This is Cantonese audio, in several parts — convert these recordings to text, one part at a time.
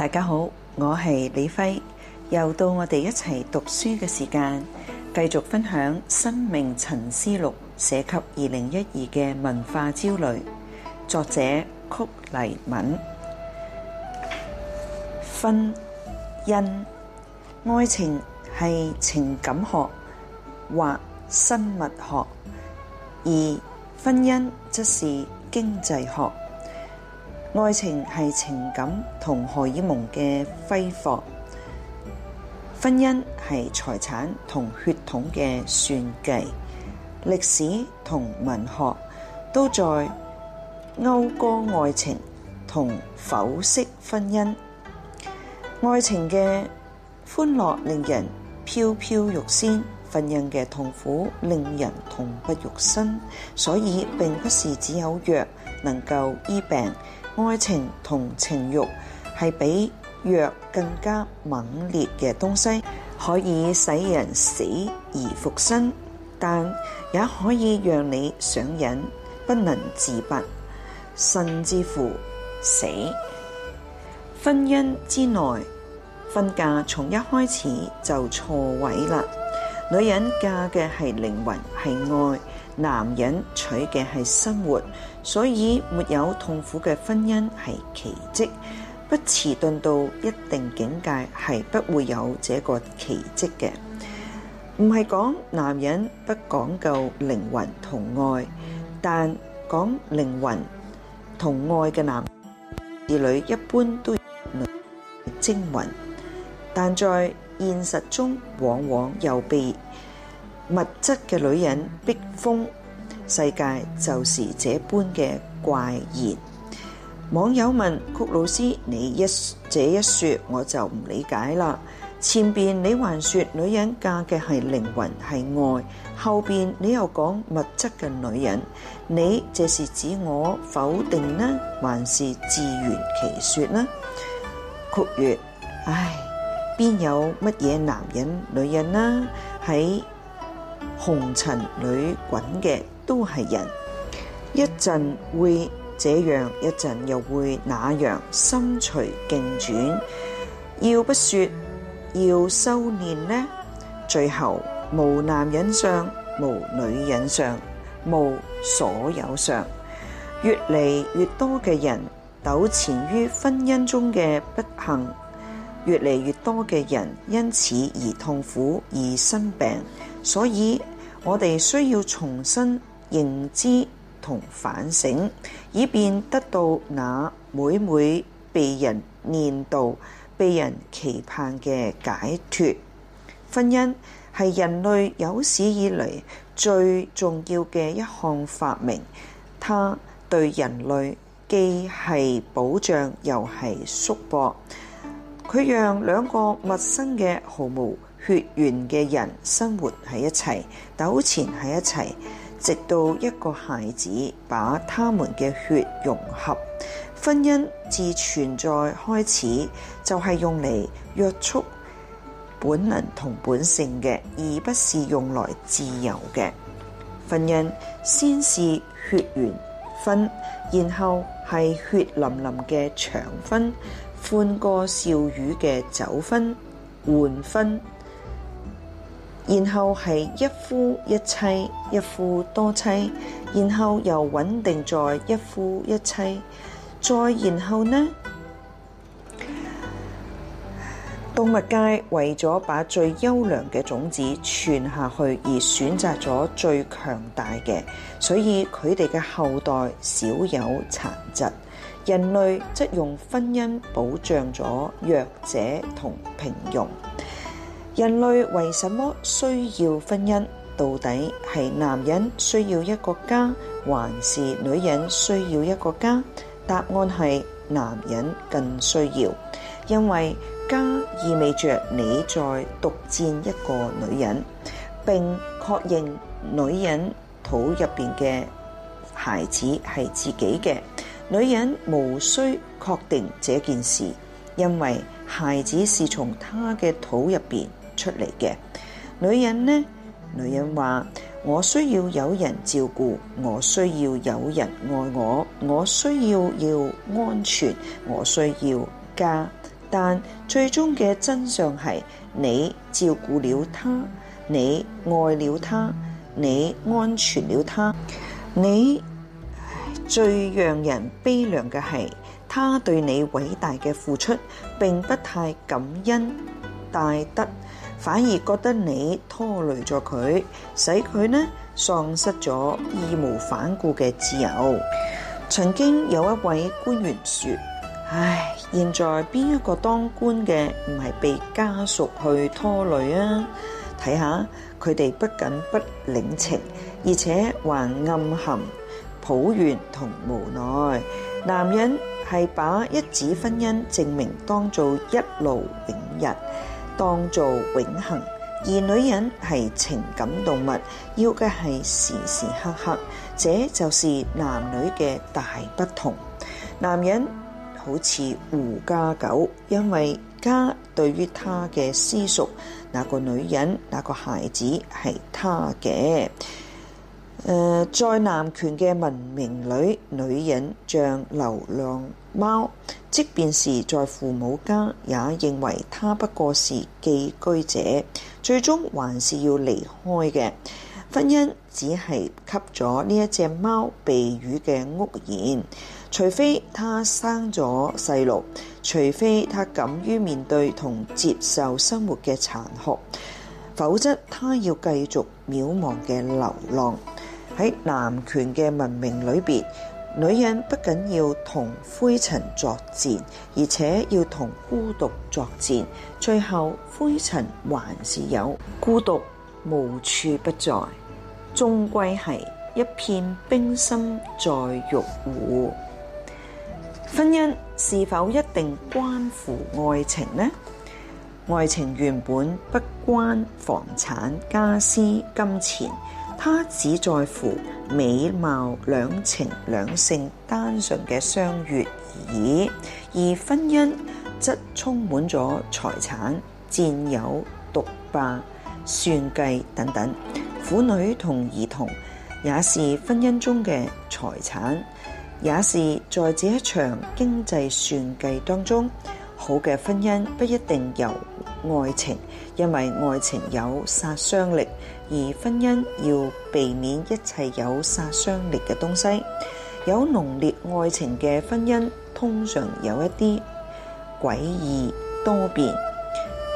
大家好，我係李輝，又到我哋一齊讀書嘅時間，繼續分享《生命沉思錄》寫給二零一二嘅文化焦慮，作者曲黎敏。婚姻愛情係情感學或生物學，而婚姻則是經濟學。愛情係情感同荷爾蒙嘅揮霍，婚姻係財產同血統嘅算計，歷史同文學都在謳歌愛情同剖析婚姻。愛情嘅歡樂令人飄飄欲仙，婚姻嘅痛苦令人痛不欲生。所以並不是只有藥能夠醫病。愛情同情欲係比藥更加猛烈嘅東西，可以使人死而復生，但也可以讓你上癮，不能自拔，甚至乎死。婚姻之內，婚嫁從一開始就錯位啦。女人嫁嘅係靈魂，係愛。男人娶嘅係生活，所以沒有痛苦嘅婚姻係奇跡。不遲鈍到一定境界，係不會有這個奇跡嘅。唔係講男人不講究靈魂同愛，但講靈魂同愛嘅男子女一般都精魂，但在現實中往往又被。物質嘅女人，逼瘋，世界就是這般嘅怪異。網友問曲老師：你一這一説我就唔理解啦。前邊你還説女人嫁嘅係靈魂係愛，後邊你又講物質嘅女人，你這是指我否定呢，還是自圓其説呢？曲月，唉，邊有乜嘢男人女人啦？喺紅塵裏滾嘅都係人，一陣會這樣，一陣又會那樣，心隨境轉。要不說，要修煉呢？最後無男人相，無女人相，無所有相。越嚟越多嘅人糾纏於婚姻中嘅不幸。越嚟越多嘅人因此而痛苦而生病，所以我哋需要重新認知同反省，以便得到那每每被人念道、被人期盼嘅解脱。婚姻係人類有史以嚟最重要嘅一項發明，它對人類既係保障又係束縛。佢讓兩個陌生嘅毫無血緣嘅人生活喺一齊，糾纏喺一齊，直到一個孩子把他們嘅血融合。婚姻自存在開始，就係、是、用嚟約束本能同本性嘅，而不是用來自由嘅。婚姻先是血緣婚，然後係血淋淋嘅長婚。歡歌笑語嘅走婚、換婚，然後係一夫一妻、一夫多妻，然後又穩定在一夫一妻，再然後呢？動物界為咗把最優良嘅種子傳下去，而選擇咗最強大嘅，所以佢哋嘅後代少有殘疾。人類則用婚姻保障咗弱者同平庸。人類為什麼需要婚姻？到底係男人需要一個家，還是女人需要一個家？答案係男人更需要，因為家意味著你在獨佔一個女人，並確認女人肚入邊嘅孩子係自己嘅。女人無需確定這件事，因為孩子是從她嘅肚入邊出嚟嘅。女人呢？女人話：我需要有人照顧，我需要有人愛我，我需要要安全，我需要家。但最終嘅真相係你照顧了他，你愛了他，你安全了他，你。最讓人悲涼嘅係，他對你偉大嘅付出，並不太感恩，大得反而覺得你拖累咗佢，使佢呢喪失咗義無反顧嘅自由。曾經有一位官員說：唉，現在邊一個當官嘅唔係被家屬去拖累啊？睇下，佢哋不僅不領情，而且還暗含。抱怨同無奈，男人係把一紙婚姻證明當做一勞永逸，當做永恆；而女人係情感動物，要嘅係時時刻刻。這就是男女嘅大不同。男人好似胡家狗，因為家對於他嘅私屬，那個女人、那個孩子係他嘅。誒、呃，在男權嘅文明裏，女人像流浪貓，即便是在父母家，也認為她不過是寄居者，最終還是要離開嘅。婚姻只係給咗呢一隻貓避雨嘅屋檐，除非她生咗細路，除非她敢於面對同接受生活嘅殘酷，否則，她要繼續渺茫嘅流浪。喺男權嘅文明裏邊，女人不僅要同灰塵作戰，而且要同孤獨作戰。最後，灰塵還是有，孤獨無處不在。終歸係一片冰心在玉壺。婚姻是否一定關乎愛情呢？愛情原本不關房產、家私、金錢。他只在乎美貌、兩情、兩性、單純嘅相悅而已，而婚姻則充滿咗財產、占有、獨霸、算計等等。婦女同兒童也是婚姻中嘅財產，也是在這一場經濟算計當中。好嘅婚姻不一定有愛情，因為愛情有殺傷力。而婚姻要避免一切有殺傷力嘅東西。有濃烈愛情嘅婚姻，通常有一啲詭異多變，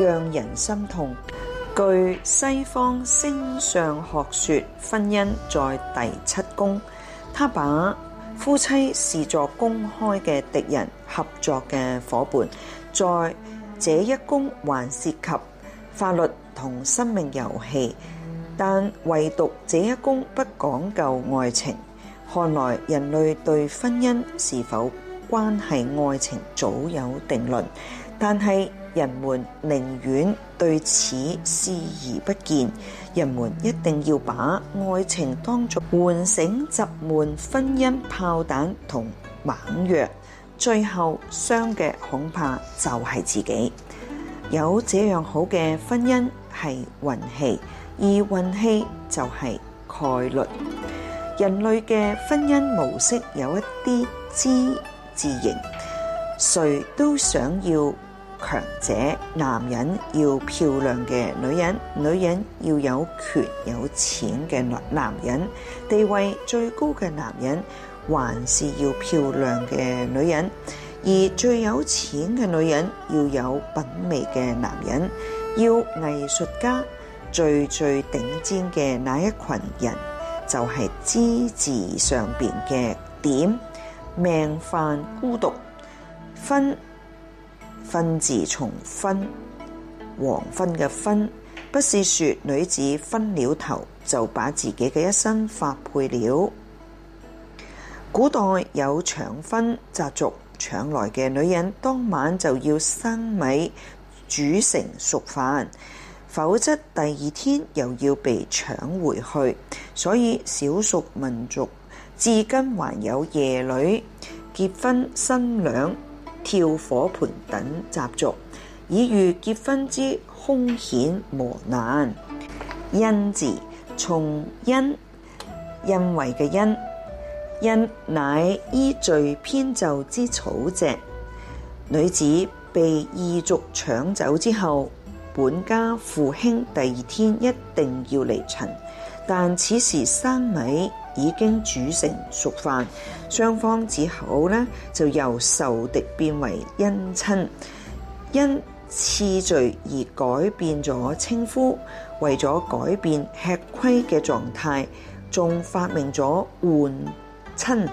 讓人心痛。據西方星相學説，婚姻在第七宮，他把夫妻視作公開嘅敵人、合作嘅伙伴。在這一宮還涉及法律同生命遊戲。但唯獨這一功不講究愛情，看來人類對婚姻是否關係愛情早有定論，但係人們寧願對此視而不見。人們一定要把愛情當作喚醒集滿婚姻炮彈同猛藥，最後傷嘅恐怕就係自己。有這樣好嘅婚姻係運氣。而運氣就係概率。人類嘅婚姻模式有一啲之字形，誰都想要強者。男人要漂亮嘅女人，女人要有權有錢嘅男男人，地位最高嘅男人，還是要漂亮嘅女人。而最有錢嘅女人要有品味嘅男人，要藝術家。最最頂尖嘅那一群人，就係、是、之字上邊嘅點，命犯孤獨，婚，婚字從昏，黃昏嘅昏，不是說女子昏了頭，就把自己嘅一生發配了。古代有搶婚習俗，搶來嘅女人當晚就要生米煮成熟飯。否則，第二天又要被搶回去。所以，少數民族至今還有夜裡結婚、新娘跳火盆等習俗，以預結婚之兇險磨難。因字，從因，因為嘅因，因乃依序編就之草席。女子被異族搶走之後。管家父兄第二天一定要嚟尋，但此時生米已經煮成熟飯，雙方只好咧，就由仇敵變為姻親，因次序而改變咗稱呼，為咗改變吃虧嘅狀態，仲發明咗換親。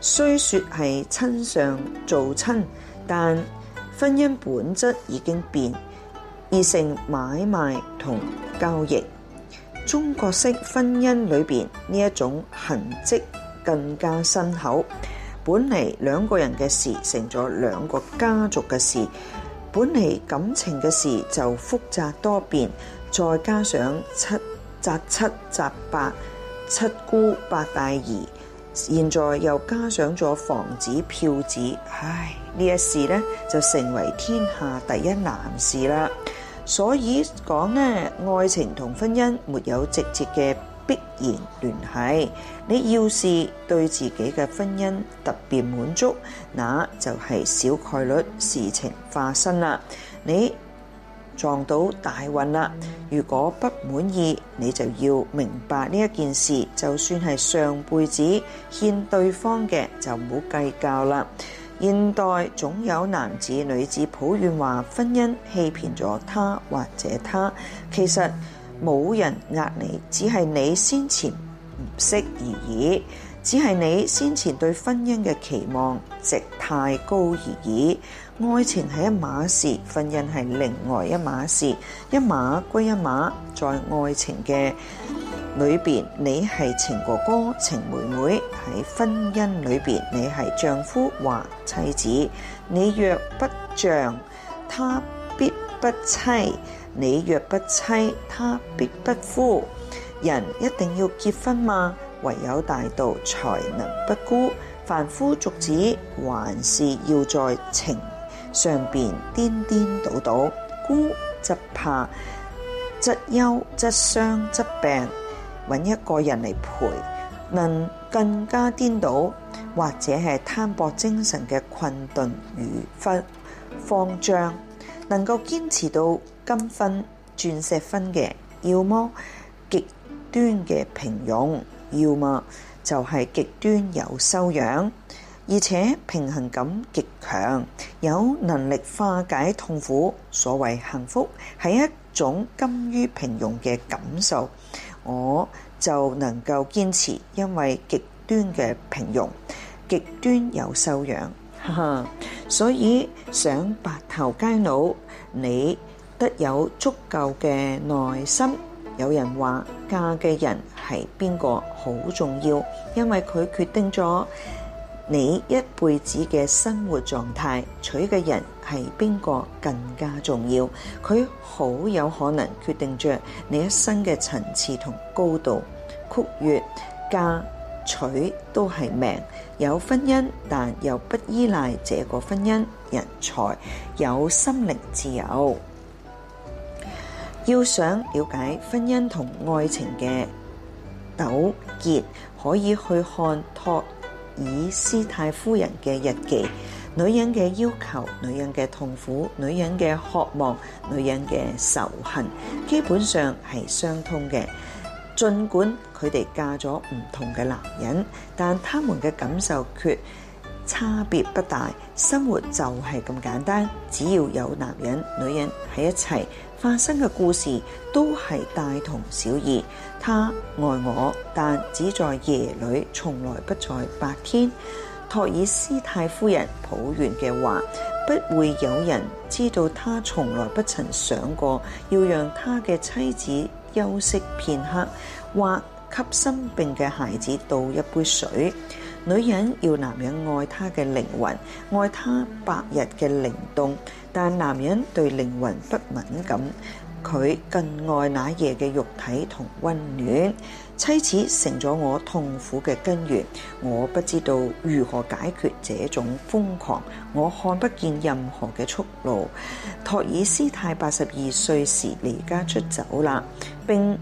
雖說係親上做親，但婚姻本質已經變。而成買賣同交易，中國式婚姻裏邊呢一種痕迹更加深厚。本嚟兩個人嘅事，成咗兩個家族嘅事。本嚟感情嘅事就複雜多變，再加上雜七雜八七姑八大姨，現在又加上咗房子票子，唉，呢一事呢，就成為天下第一難事啦。所以講呢，愛情同婚姻沒有直接的必然聯繫。你要是對自己的婚姻特別滿足，那就係小概率事情發生啦。你撞到大運啦。如果不滿意，你就要明白呢一件事，就算是上輩子，欠對方嘅就唔好計較啦。現代總有男子女子抱怨話婚姻欺騙咗他或者她，其實冇人呃你，只係你先前唔識而已，只係你先前對婚姻嘅期望值太高而已。愛情係一碼事，婚姻係另外一碼事，一碼歸一碼，在愛情嘅裏邊你係情哥哥、情妹妹。喺婚姻裏邊，你係丈夫或妻子。你若不丈，他必不妻；你若不妻，他必不夫。人一定要結婚嘛？唯有大道才能不孤，凡夫俗子還是要在情上邊顛顛倒倒，孤則怕，則憂，則傷，則病。則揾一個人嚟陪，能更加顛倒，或者係貪薄精神嘅困頓與忽慌張，能夠堅持到金婚、鑽石婚嘅，要麼極端嘅平庸，要麼就係極端有修養，而且平衡感極強，有能力化解痛苦。所謂幸福係一種甘於平庸嘅感受。我就能夠堅持，因為極端嘅平庸，極端有修養，哈哈。所以想白頭偕老，你得有足夠嘅耐心。有人話嫁嘅人係邊個好重要，因為佢決定咗。你一輩子嘅生活狀態，娶嘅人係邊個更加重要？佢好有可能決定著你一生嘅層次同高度。曲月嫁娶都係命，有婚姻但又不依賴這個婚姻，人才有心靈自由。要想了解婚姻同愛情嘅糾結，可以去看托以斯泰夫人嘅日記，女人嘅要求、女人嘅痛苦、女人嘅渴望、女人嘅仇恨，基本上係相通嘅。盡管佢哋嫁咗唔同嘅男人，但他們嘅感受缺。差別不大，生活就係咁簡單。只要有男人、女人喺一齊，發生嘅故事都係大同小異。他愛我，但只在夜裏，從來不在白天。托爾斯泰夫人抱怨嘅話，不會有人知道他從來不曾想過要讓他嘅妻子休息片刻，或給生病嘅孩子倒一杯水。女人要男人愛她嘅靈魂，愛她白日嘅靈動，但男人對靈魂不敏感，佢更愛那夜嘅肉體同溫暖。妻子成咗我痛苦嘅根源，我不知道如何解決這種瘋狂。我看不見任何嘅出路。托爾斯泰八十二歲時離家出走啦，並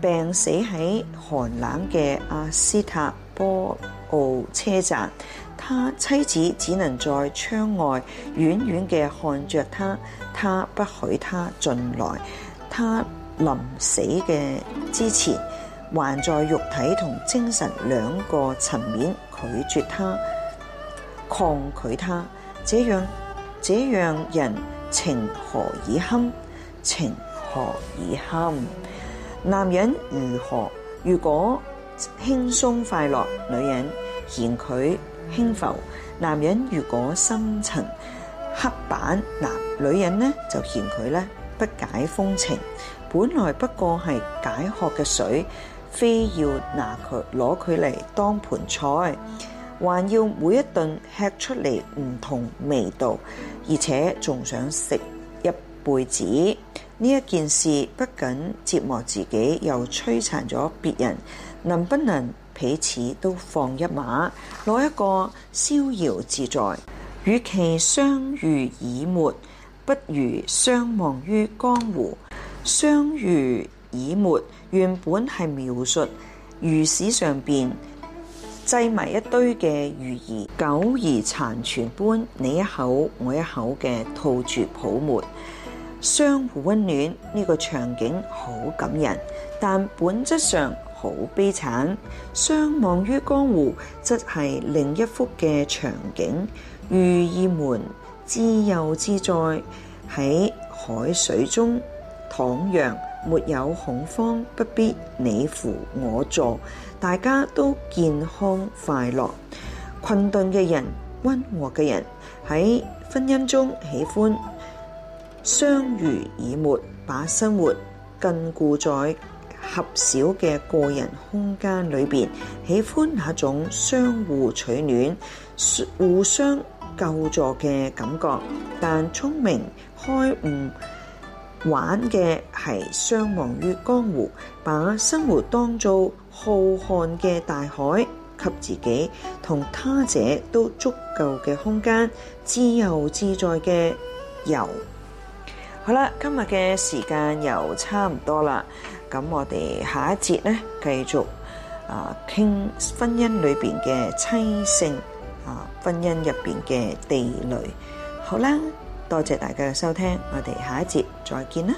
病死喺寒冷嘅阿斯塔波部車站，他妻子只能在窗外遠遠嘅看着他，他不許他進來。他臨死嘅之前，還在肉體同精神兩個層面拒絕他、抗拒他，這樣這樣人情何以堪？情何以堪？男人如何？如果？輕鬆快樂，女人嫌佢輕浮；男人如果深沉刻板，嗱女人呢就嫌佢咧不解風情。本來不過係解渴嘅水，非要拿佢攞佢嚟當盤菜，還要每一頓吃出嚟唔同味道，而且仲想食一輩子。呢一件事，不僅折磨自己，又摧殘咗別人。.能不能彼此都放一馬，攞一個逍遙自在？與其相濡以沫，不如相忘於江湖。相濡以沫，原本係描述魚史上邊擠埋一堆嘅魚兒，久而殘存般你一口我一口嘅吐住泡沫，相互温暖，呢個場景好感人，但本質上。好悲慘，相忘於江湖，則係另一幅嘅場景。魚兒們自由自在喺海水中徜徉，沒有恐慌，不必你扶我助，大家都健康快樂。困頓嘅人，温和嘅人喺婚姻中喜歡相濡以沫，把生活禁錮在。狹小嘅個人空間裏邊，喜歡那種相互取暖、互相救助嘅感覺。但聰明、開悟、玩嘅係相忘於江湖，把生活當做浩瀚嘅大海，給自己同他者都足夠嘅空間，自由自在嘅游。好啦，今日嘅時間又差唔多啦。咁我哋下一節咧，繼續啊，傾婚姻裏邊嘅妻性啊，婚姻入邊嘅地雷。好啦，多謝大家嘅收聽，我哋下一節再見啦。